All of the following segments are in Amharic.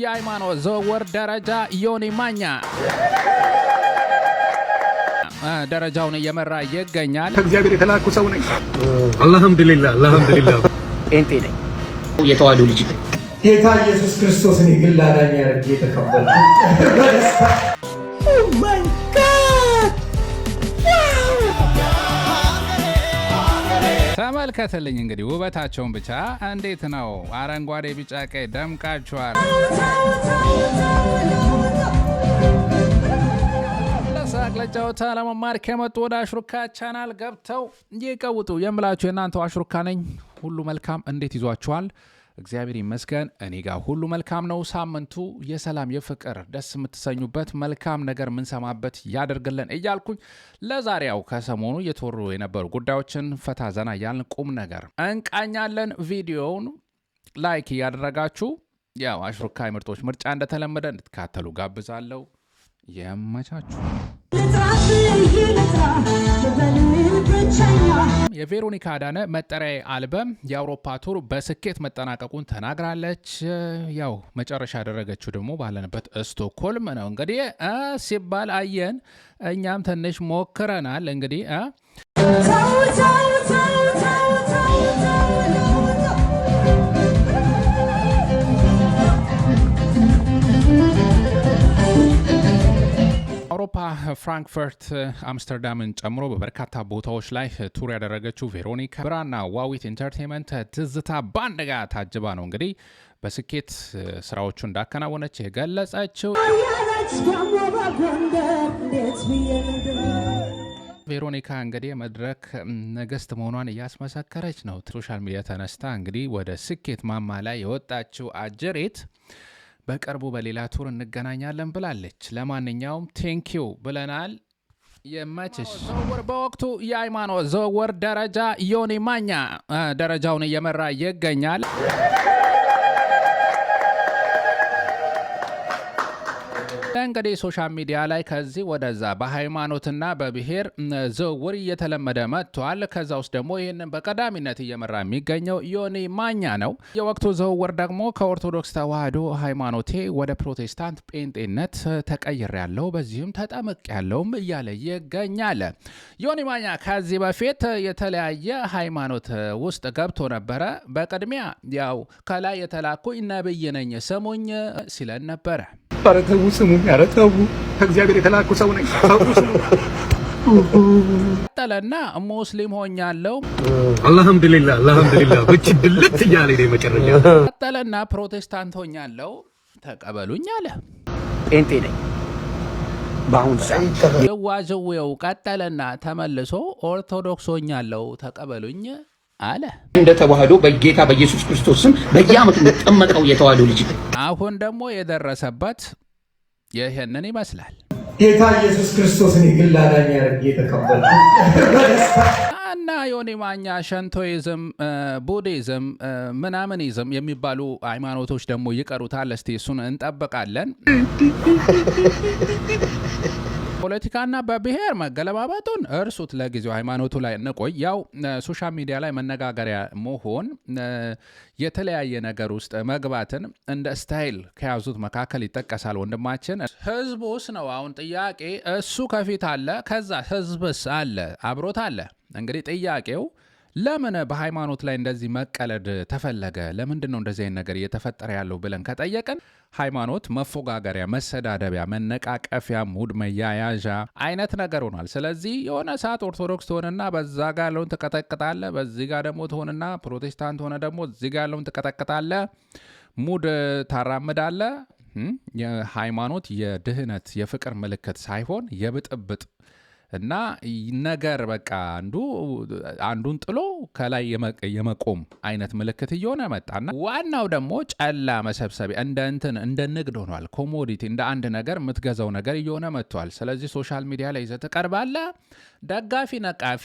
የሃይማኖት ዝውውር ደረጃ ዮኒ ማኛ ደረጃውን እየመራ ይገኛል። ከእግዚአብሔር የተላኩ ሰው ነኝ። አልሐምዱሊላህ አልሐምዱሊላህ። ጴንጤ ነኝ። የተዋህዶ ልጅ ጌታ ኢየሱስ ክርስቶስ የግል አዳኝ አድርጌ የተቀበልኩ ተመልከትልኝ እንግዲህ ውበታቸውን ብቻ እንዴት ነው! አረንጓዴ፣ ቢጫ፣ ቀይ ደምቃችኋል። ለሳቅ ለጨዋታ ለመማር ከመጡ ወደ አሽሩካ ቻናል ገብተው እንዲቀውጡ የምላችሁ የእናንተው አሽሩካ ነኝ። ሁሉ መልካም። እንዴት ይዟችኋል? እግዚአብሔር ይመስገን። እኔ ጋር ሁሉ መልካም ነው። ሳምንቱ የሰላም የፍቅር፣ ደስ የምትሰኙበት መልካም ነገር የምንሰማበት ያደርግልን እያልኩኝ ለዛሬው ከሰሞኑ እየተወሩ የነበሩ ጉዳዮችን ፈታ ዘና እያልን ቁም ነገር እንቃኛለን። ቪዲዮውን ላይክ እያደረጋችሁ ያው አሽሩካይ ምርጦች ምርጫ እንደተለመደ እንድትካተሉ ጋብዛለሁ። የመቻችሁ የቬሮኒካ አዳነ መጠሪያ አልበም የአውሮፓ ቱር በስኬት መጠናቀቁን ተናግራለች። ያው መጨረሻ ያደረገችው ደግሞ ባለንበት ስቶኮልም ነው። እንግዲህ ሲባል አየን፣ እኛም ትንሽ ሞክረናል። እንግዲህ ፍራንክፈርት አምስተርዳምን ጨምሮ በበርካታ ቦታዎች ላይ ቱር ያደረገችው ቬሮኒካ ብራና ዋዊት ኢንተርቴንመንት ትዝታ ባንድ ጋር ታጅባ ነው እንግዲህ በስኬት ስራዎቹ እንዳከናወነች የገለጸችው። ቬሮኒካ እንግዲህ የመድረክ ነገስት መሆኗን እያስመሰከረች ነው። ሶሻል ሚዲያ ተነስታ እንግዲህ ወደ ስኬት ማማ ላይ የወጣችው አጀሬት በቅርቡ በሌላ ቱር እንገናኛለን ብላለች። ለማንኛውም ቴንኪዩ ብለናል። የመችሽ በወቅቱ የሃይማኖት ዝውውር ደረጃ ዮኒ ማኛ ደረጃውን እየመራ ይገኛል። እንግዲህ ሶሻል ሚዲያ ላይ ከዚህ ወደዛ በሃይማኖትና በብሔር ዝውውር እየተለመደ መጥቷል። ከዛ ውስጥ ደግሞ ይህንን በቀዳሚነት እየመራ የሚገኘው ዮኒ ማኛ ነው። የወቅቱ ዝውውር ደግሞ ከኦርቶዶክስ ተዋህዶ ሃይማኖቴ ወደ ፕሮቴስታንት ጴንጤነት ተቀይር ያለው በዚህም ተጠምቅ ያለውም እያለ ይገኛል። ዮኒ ማኛ ከዚህ በፊት የተለያየ ሃይማኖት ውስጥ ገብቶ ነበረ። በቅድሚያ ያው ከላይ የተላኩኝ ነብይ ነኝ ስሙኝ ሲለን ነበረ። ኧረ ተው ስሙኝ፣ ኧረ ተው ከእግዚአብሔር የተላኩ ሰው ነኝ ጠለና ሙስሊም ሆኛለው። አልሐምዱሊላ አልሐምዱሊላ ብቻ ድልት እያለ ነው መጨረሻ። ጠለና ፕሮቴስታንት ሆኛለው ተቀበሉኝ አለ። ጴንጤ ነኝ በአሁን ሰዓት። ዋዝዌው ቀጠለና ተመልሶ ኦርቶዶክስ ሆኛለው ተቀበሉኝ አለ። እንደ ተዋህዶ በጌታ በኢየሱስ ክርስቶስ ስም በየዓመቱ የጠመቀው የተዋህዶ ልጅ አሁን ደግሞ የደረሰበት ይህንን ይመስላል። ጌታ ኢየሱስ ክርስቶስን የግል አዳኝ አድርጌ ተቀበልኩ። እና ዮኒ ማኛ ሸንቶይዝም፣ ቡዲዝም፣ ምናምንዝም የሚባሉ ሃይማኖቶች ደግሞ ይቀሩታል። እስቲ እሱን እንጠብቃለን። ፖለቲካና በብሔር መገለባበጡን እርሱት። ለጊዜው ሃይማኖቱ ላይ እንቆይ። ያው ሶሻል ሚዲያ ላይ መነጋገሪያ መሆን የተለያየ ነገር ውስጥ መግባትን እንደ ስታይል ከያዙት መካከል ይጠቀሳል። ወንድማችን ህዝቡስ ነው አሁን ጥያቄ እሱ ከፊት አለ፣ ከዛ ህዝብስ አለ፣ አብሮት አለ። እንግዲህ ጥያቄው ለምን በሃይማኖት ላይ እንደዚህ መቀለድ ተፈለገ? ለምንድን ነው እንደዚህ አይነት ነገር እየተፈጠረ ያለው ብለን ከጠየቅን ሃይማኖት መፎጋገሪያ፣ መሰዳደቢያ፣ መነቃቀፊያ፣ ሙድ መያያዣ አይነት ነገር ሆኗል። ስለዚህ የሆነ ሰዓት ኦርቶዶክስ ትሆንና በዛ ጋር ያለውን ትቀጠቅጣለ፣ በዚህ ጋር ደግሞ ትሆንና ፕሮቴስታንት ሆነ ደግሞ እዚህ ጋር ያለውን ትቀጠቅጣለ፣ ሙድ ታራምዳለ። ሃይማኖት የድህነት የፍቅር ምልክት ሳይሆን የብጥብጥ እና ነገር በቃ አንዱ አንዱን ጥሎ ከላይ የመቆም አይነት ምልክት እየሆነ መጣና ዋናው ደግሞ ጨላ መሰብሰቢያ እንደ እንትን እንደ ንግድ ሆኗል። ኮሞዲቲ እንደ አንድ ነገር የምትገዛው ነገር እየሆነ መጥቷል። ስለዚህ ሶሻል ሚዲያ ላይ ይዘህ ትቀርባለህ፣ ደጋፊ ነቃፊ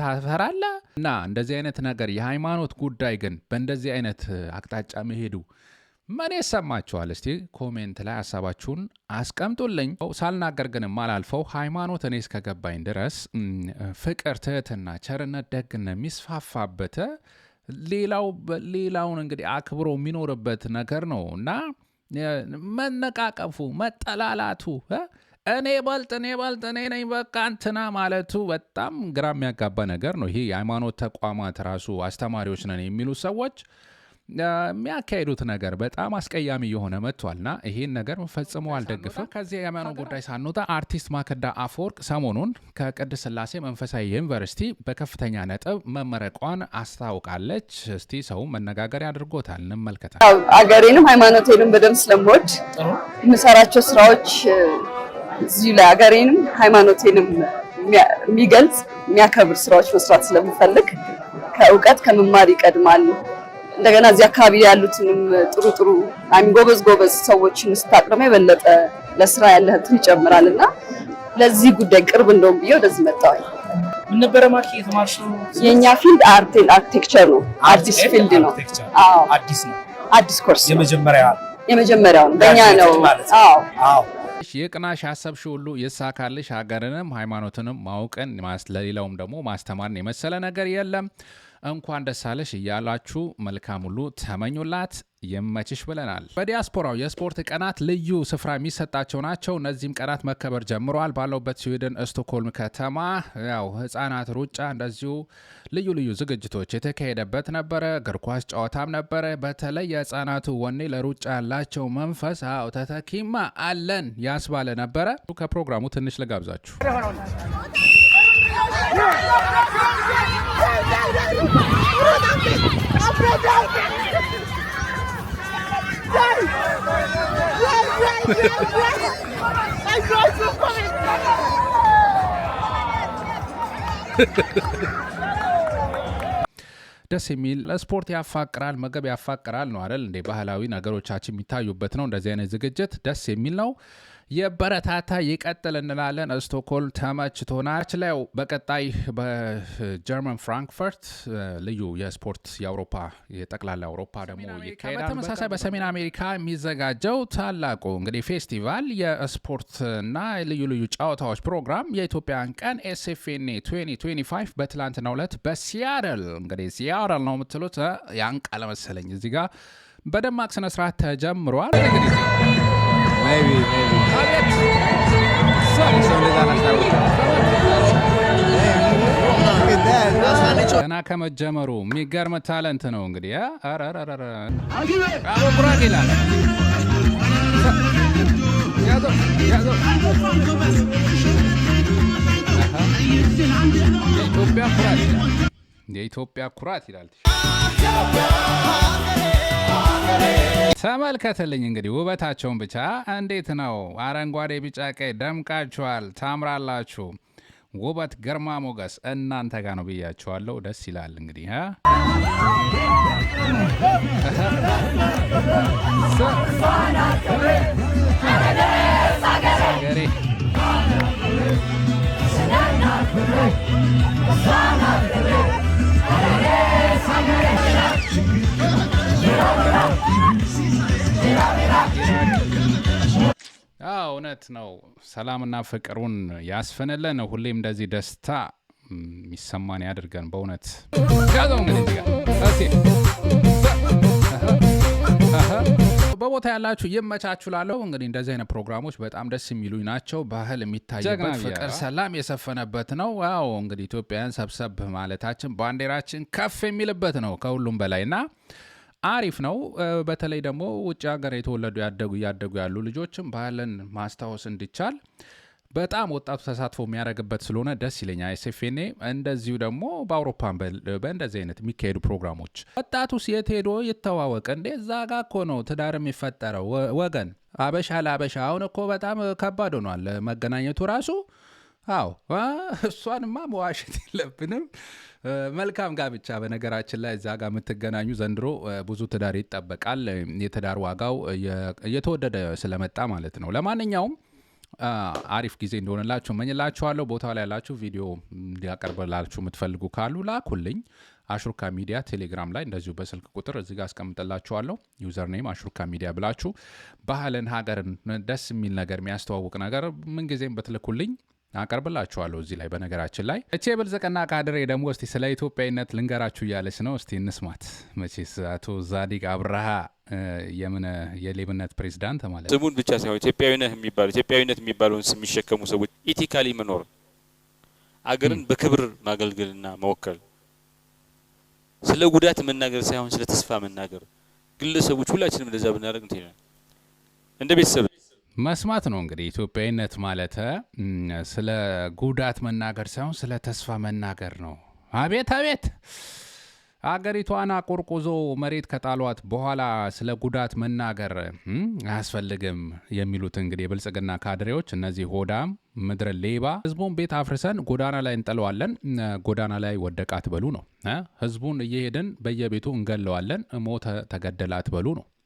ታፈራለህ እና እንደዚህ አይነት ነገር የሃይማኖት ጉዳይ ግን በእንደዚህ አይነት አቅጣጫ መሄዱ ምን ይሰማችኋል? እስቲ ኮሜንት ላይ ሀሳባችሁን አስቀምጡልኝ። ሳልናገር ግን ማላልፈው ሃይማኖት እኔ እስከገባኝ ድረስ ፍቅር፣ ትህትና፣ ቸርነት፣ ደግነት የሚስፋፋበት ሌላው ሌላውን እንግዲህ አክብሮ የሚኖርበት ነገር ነው እና መነቃቀፉ፣ መጠላላቱ እኔ በልጥ እኔ በልጥ እኔ ነኝ በቃ እንትና ማለቱ በጣም ግራ የሚያጋባ ነገር ነው። ይሄ የሃይማኖት ተቋማት ራሱ አስተማሪዎች ነን የሚሉ ሰዎች የሚያካሄዱት ነገር በጣም አስቀያሚ የሆነ መጥቷልና ይህን ነገር ፈጽሞ አልደግፍም። ከዚህ የሃይማኖት ጉዳይ ሳንወጣ አርቲስት ማክዳ አፈወርቅ ሰሞኑን ከቅድስት ስላሴ መንፈሳዊ ዩኒቨርሲቲ በከፍተኛ ነጥብ መመረቋን አስታውቃለች። እስቲ ሰው መነጋገር ያድርጎታል፣ እንመልከታል። አገሬንም ሃይማኖቴንም በደንብ ስለምወድ የምሰራቸው ስራዎች እዚሁ ላይ አገሬንም ሃይማኖቴንም የሚገልጽ የሚያከብር ስራዎች መስራት ስለምፈልግ ከእውቀት ከመማር ይቀድማል። እንደገና እዚህ አካባቢ ያሉትንም ጥሩ ጥሩ ጎበዝ ጎበዝ ሰዎችን ስታቅርበ የበለጠ ለስራ ያለህ እንትን ይጨምራል እና ለዚህ ጉዳይ ቅርብ እንደውም ብዬ ወደዚህ መጣሁ። ምን ነበረ ማኪ የተማርሽው? የእኛ ፊልድ አርት ኤንድ አርክቴክቸር ነው። አዲስ ፊልድ ነው። አዎ አዲስ ነው። አዲስ ኮርስ የመጀመሪያ የመጀመሪያው ነው። በእኛ ነው። አዎ አዎ የቅናሽ ያሰብሽ ሁሉ ይሳካልሽ። ሀገርንም ሃይማኖትንም ማውቅን ለሌላውም ደግሞ ማስተማርን የመሰለ ነገር የለም። እንኳን ደሳለሽ እያላችሁ መልካም ሁሉ ተመኙላት። ይመችሽ ብለናል። በዲያስፖራው የስፖርት ቀናት ልዩ ስፍራ የሚሰጣቸው ናቸው። እነዚህም ቀናት መከበር ጀምረዋል። ባለውበት ስዊድን ስቶክሆልም ከተማ ያው ህጻናት ሩጫ፣ እንደዚሁ ልዩ ልዩ ዝግጅቶች የተካሄደበት ነበረ። እግር ኳስ ጨዋታም ነበረ። በተለይ የህጻናቱ ወኔ ለሩጫ ያላቸው መንፈስ አው ተተኪማ አለን ያስባለ ነበረ። ከፕሮግራሙ ትንሽ ልጋብዛችሁ። ደስ የሚል ስፖርት ያፋቅራል፣ መገብ ያፋቅራል ነው አይደል? እንዴ? ባህላዊ ነገሮቻችን የሚታዩበት ነው። እንደዚህ አይነት ዝግጅት ደስ የሚል ነው። የበረታታ ይቀጥል እንላለን። ስቶክሆልም ተመችቶናች ላይ በቀጣይ በጀርመን ፍራንክፈርት ልዩ የስፖርት የአውሮፓ የጠቅላላ አውሮፓ ደግሞ ይካሄዳል። በተመሳሳይ በሰሜን አሜሪካ የሚዘጋጀው ታላቁ እንግዲህ ፌስቲቫል የስፖርት የስፖርትና ልዩ ልዩ ጨዋታዎች ፕሮግራም የኢትዮጵያን ቀን ኤስፍኔ 2025 በትላንትናው ዕለት በሲያደል እንግዲህ ሲያደል ነው የምትሉት ያን ቃል መሰለኝ እዚህ ጋር በደማቅ ስነስርዓት ተጀምሯል። maybe, maybe. ገና ከመጀመሩ የሚገርም ታለንት ነው እንግዲህ የኢትዮጵያ ኩራት ይላል። ተመልከተልኝ እንግዲህ ውበታቸውን ብቻ እንዴት ነው! አረንጓዴ፣ ቢጫ፣ ቀይ ደምቃችኋል፣ ታምራላችሁ። ውበት፣ ግርማ ሞገስ እናንተ ጋር ነው ብያችኋለሁ። ደስ ይላል እንግዲህ እውነት ነው። ሰላምና ፍቅሩን ያስፈንለን። ሁሌም እንደዚህ ደስታ የሚሰማን ያድርገን። በእውነት እንግዲህ በቦታ ያላችሁ ይመቻችሁ። እንግዲህ እንደዚህ አይነት ፕሮግራሞች በጣም ደስ የሚሉኝ ናቸው። ባህል የሚታይበት ፍቅር፣ ሰላም የሰፈነበት ነው። ያው እንግዲህ ኢትዮጵያውያን ሰብሰብ ማለታችን ባንዲራችን ከፍ የሚልበት ነው ከሁሉም በላይና አሪፍ ነው። በተለይ ደግሞ ውጭ ሀገር የተወለዱ ያደጉ እያደጉ ያሉ ልጆችም ባህልን ማስታወስ እንዲቻል በጣም ወጣቱ ተሳትፎ የሚያደርግበት ስለሆነ ደስ ይለኛል። ኤስፍኔ እንደዚሁ ደግሞ በአውሮፓን በእንደዚህ አይነት የሚካሄዱ ፕሮግራሞች ወጣቱ የት ሄዶ ይተዋወቅ እንዴ? እዛ ጋ እኮ ነው ትዳር የሚፈጠረው ወገን። አበሻ ለአበሻ አሁን እኮ በጣም ከባድ ሆኗል መገናኘቱ ራሱ። አዎ እሷንማ መዋሸት የለብንም። መልካም ጋብቻ። በነገራችን ላይ እዛ ጋር የምትገናኙ ዘንድሮ ብዙ ትዳር ይጠበቃል። የትዳር ዋጋው እየተወደደ ስለመጣ ማለት ነው። ለማንኛውም አሪፍ ጊዜ እንደሆነላችሁ መኝላችኋለሁ። ቦታ ላይ ያላችሁ ቪዲዮ እንዲያቀርብላችሁ የምትፈልጉ ካሉ ላኩልኝ። አሹርካ ሚዲያ ቴሌግራም ላይ እንደዚሁ በስልክ ቁጥር እዚ ጋር አስቀምጥላችኋለሁ። ዩዘር ኔም አሹርካ ሚዲያ ብላችሁ ባህልን፣ ሀገርን ደስ የሚል ነገር የሚያስተዋውቅ ነገር ምንጊዜም በትልኩልኝ አቀርብላችኋለሁ እዚህ ላይ በነገራችን ላይ እቼ ብልጽግና ካድሬ ደግሞ እስቲ ስለ ኢትዮጵያዊነት ልንገራችሁ እያለች ነው። እስቲ እንስማት። መቼስ አቶ ዛዲግ አብርሃ የምን የሌብነት ፕሬዚዳንት ማለት ስሙን ብቻ ሳይሆን ኢትዮጵያዊነት የሚባሉ ኢትዮጵያዊነት የሚባለውን የሚሸከሙ ሰዎች ኢቲካሊ መኖር፣ አገርን በክብር ማገልገልና መወከል፣ ስለ ጉዳት መናገር ሳይሆን ስለ ተስፋ መናገር ግለሰቦች ሁላችንም እንደዛ ብናደርግ እንትል እንደ ቤተሰብ መስማት ነው እንግዲህ ኢትዮጵያዊነት ማለት ስለ ጉዳት መናገር ሳይሆን ስለ ተስፋ መናገር ነው። አቤት አቤት! አገሪቷን አቆርቁዞ መሬት ከጣሏት በኋላ ስለ ጉዳት መናገር አያስፈልግም የሚሉት እንግዲህ የብልጽግና ካድሬዎች እነዚህ ሆዳም ምድረ ሌባ ህዝቡን ቤት አፍርሰን ጎዳና ላይ እንጥለዋለን፣ ጎዳና ላይ ወደቃት በሉ ነው። ህዝቡን እየሄድን በየቤቱ እንገለዋለን፣ ሞተ ተገደለ አትበሉ ነው።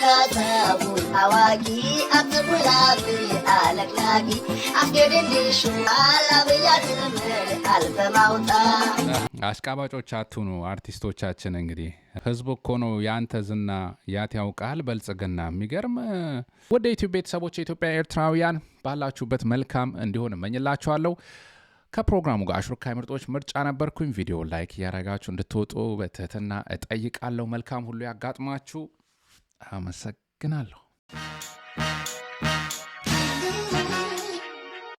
ከተቡ አዋቂ አትጉላቢ አለቅላቂ አስገድልሽ አላብያትም አልበማውጣ አሽቃባጮች አትሁኑ። አርቲስቶቻችን እንግዲህ ህዝቡ እኮ ነው የአንተ ዝና ያት ያውቃል በልጽግና። የሚገርም ወደ ኢትዮ ቤተሰቦች የኢትዮጵያ ኤርትራውያን ባላችሁበት መልካም እንዲሆን እመኝላችኋለሁ። ከፕሮግራሙ ጋር አሽሩካይ ምርጦች ምርጫ ነበርኩኝ። ቪዲዮ ላይክ እያረጋችሁ እንድትወጡ በትህትና እጠይቃለሁ። መልካም ሁሉ ያጋጥማችሁ። አመሰግናለሁ።